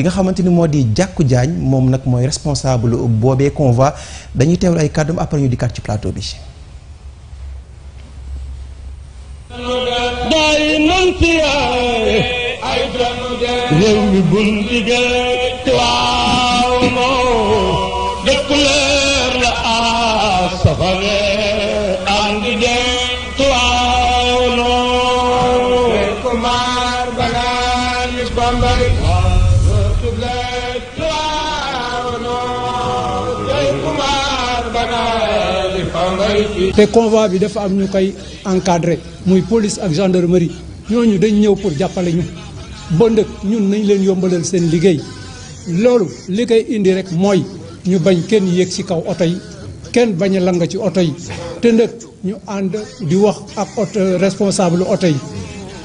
ki nga xamanteni modi jakku di mom nak moy responsable bobé convoi dañuy téwul ay cadeau après ñu dikkaat ci plateau bi day te convoi bi dafa am ñu koy encadré muy police ak gendarmerie ñooñu dañ ñëw pour jàppale ñu ba ndëkk ñun nañ leen yombalal seen liggéey loolu li koy indi rek mooy ñu bañ kenn yéeg ci kaw oto yi kenn bañ a langa ci oto yi te ndëkk ñu ànd di wax ak oto responsable oto yi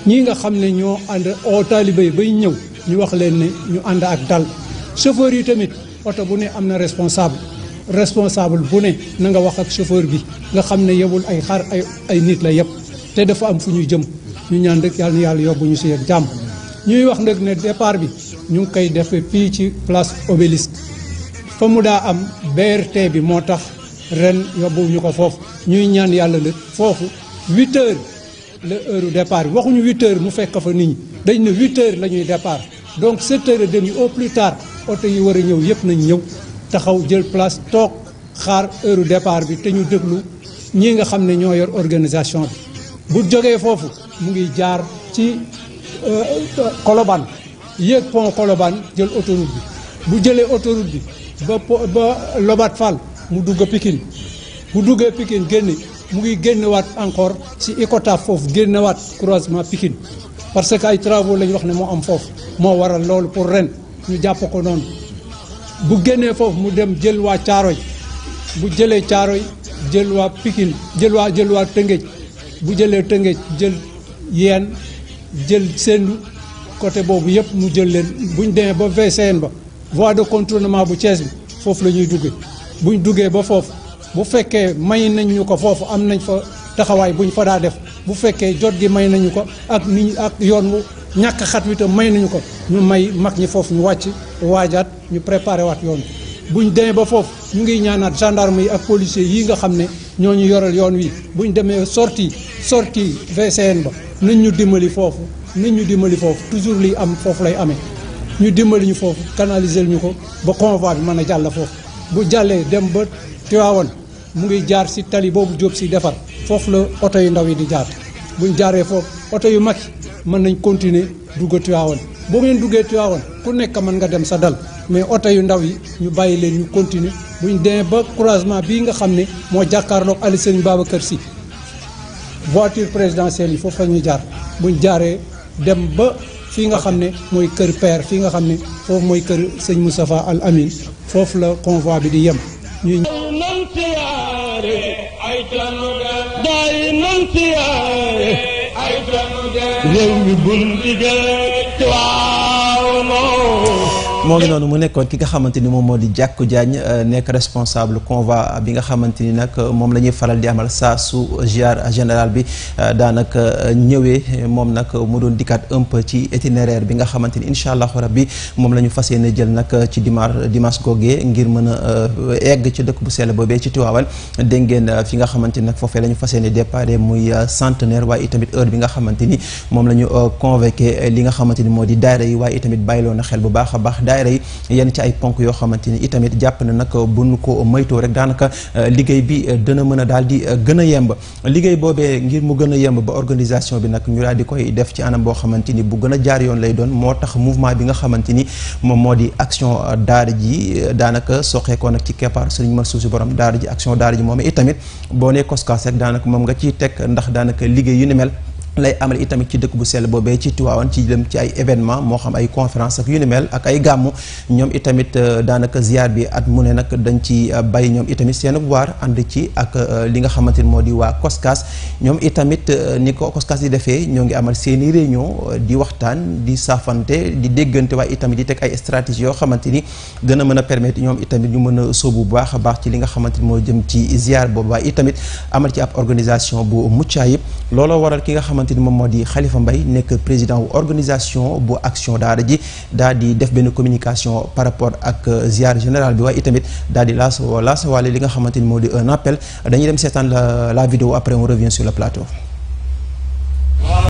ñii nga xam ne ñoo ànd oo taalibe yi bay ñëw ñu wax leen ne ñu ànd ak dal chauffeur yi tamit oto bu ne am na responsable responsable bu ne na nga wax ak chauffeur bi nga xam ne yebul ay xar ay ay nit la yëpp te dafa am fu ñuy jëm ñu ñaan rek yàlla na yàlla yóbbu ñu si ak ñuy wax nag ne départ bi ñu ngi koy def fii ci place obélisque fa mu daa am BRT bi moo tax ren yobbu ñu ko foofu ñuy ñaan yàlla nag foofu 8 heures la heure départ bi waxuñu 8 heures mu fekk fa nit ñi dañ ne 8 heures la ñuy départ donc 7 heures et demie au plus tard auto yi wara ñew yépp nañ ñew taxaw jël place tok xaar heure départ bi te ñu déglu ñi nga ne ñoo yor organisation bi bu joggé fofu mu ngi jaar ci koloban euh, yek pont koloban jël autoroute bi bu jëlé autoroute bi ba ba lobat fall mu dugg pikine bu duggé pikine génn mu ngi génn wat encore ci icotaf fofu génn wat croisement pikine parce que ay travaux lañ wax ne moo am foofu moo waral loolu pour ren ñu jàpp ko noonu bu génnee foofu mu dem jël waa Caaroy bu jëlee Caaroy jël waa Pikine jël waa jël waa Tëngéej bu jëlee Tëngéej jël yenn jël sendu côté boobu yëpp mu jël leen bu demee ba VCN ba voie de contournement bu Thiès bi foofu la ñuy duggee bu duggee ba foofu bu fekkee may nañ ñu ko foofu am nañ fa taxawaay bu ñu fa daa def bu fekkee jot gi may nañu ko ak ni ak yoon wu ñàkk xat wi may nañu ko ñu may mag ñi foofu ñu wàcc waajaat ñu préparé waat yoon buñ demee ba foofu ñu ngi ñaanaat gendarme yi ak policier yi nga xam ne ñoo ñu yoral yoon wi buñ demee sortie sortie VCN ba nañ ñu dimbali foofu nañ ñu dimbali foofu toujours li am foofu lay amee ñu dimbali ñu foofu canaliser ñu ko ba convoi bi mën a jàll foofu bu jàllee dem ba Tivaouane mu ngi jaar si tali boobu Diop si defar foofu la oto yu ndaw yi di jaar buñ jaaree foofu oto yu mag mën nañ continuer dugg Tiwaawan boo ngeen duggee Tiwaawan ku nekk mën nga dem sa dal mais oto yu ndaw yi ñu bàyyi leen ñu continuer buñ demee ba couragement bii nga xam ne moo jàkkaarloog Aly Serigne kër si voiture présidentielle yi foofu la ñuy jaar buñ jaaree dem ba fii nga xam ne mooy kër père fii nga xam ne foofu mooy kër sëñ Moustapha Al Amin foofu la convoi bi di yem ñuy daayiman siyaare ay réew mi bul digal ci waa moo ngi noonu mu nekkoon ki nga xamante ni moom moo di Jackou Diagne euh, nekk responsable convoi bi nga xamante ni nag euh, moom la ñuy faral di amal su ziar général bi euh, daanaka ñëwee moom nag mu doon dikkaat un ci itinéraire bi nga xamante ni incha allahu rabbi moom la ñu fas yéene jël nag ci dimanche dimanche googee ngir mën a egg ci dëkk bu sell boobee ci Tiwaawan dégg ngeen fi nga xamante ni nag foofee la ñu fas yéene déparé muy centenaire waaye itamit heure bi nga xamante ni moom la ñu convoqué li nga xamante ni moo di daayira yi waaye itamit bàyyiloo na xel bu baax a baax daayira yi yenn ci ay ponk yoo xamante ni itamit jàpp ne nag bu nu ko moytoo rek daanaka euh, liggéey bi euh, dana mën a daal di euh, gën a yemb liggéey boobee ngir mu gën a yemb ba organisation bi nag ñu daal di koy def ci anam boo xamante ni bu gën a jaar yoon lay doon moo tax mouvement bi nga xamante ni moom moo di action daara ji daanaka koo nag ci keppaar sëriñ ma suuf si borom daara ji action daara ji moom itamit boo ne koskaas rek daanaka moom nga ciy teg ndax daanaka liggéey yu ni mel lay amal itamit ci dëkk bu sell boobee ci Tiwaawan ci dem ci ay événement moo xam ay conférence ak yu ni mel ak ay gàmmu ñoom itamit euh, daanaka ziar bi at mu ne nag dañ ci euh, bàyyi ñoom itamit seen waar ànd ci ak euh, li nga xamante ni moo di waa COSCAS ñoom itamit ni ko COSCAS di defee ñoo ngi amal seeni réunion di waxtaan di saafante di déggante waaye itamit di teg ay stratégie yoo xamante ni a mën a permettre ñoom itamit ñu mën a sóobu bu baax a baax ci li nga xamante ni moo jëm ci ziar boobu waaye itamit amal ci ab organisation bu mucc ayib xamante ni moom Khalifa Mbaye nek président wu organisation bu action daara ji daal di def ben communication par rapport ak euh, ziar général bi waaye itamit daal di laas laas waale li nga xamante ni un appel dañuy dem sétane la la vidéo après on revient sur le plateau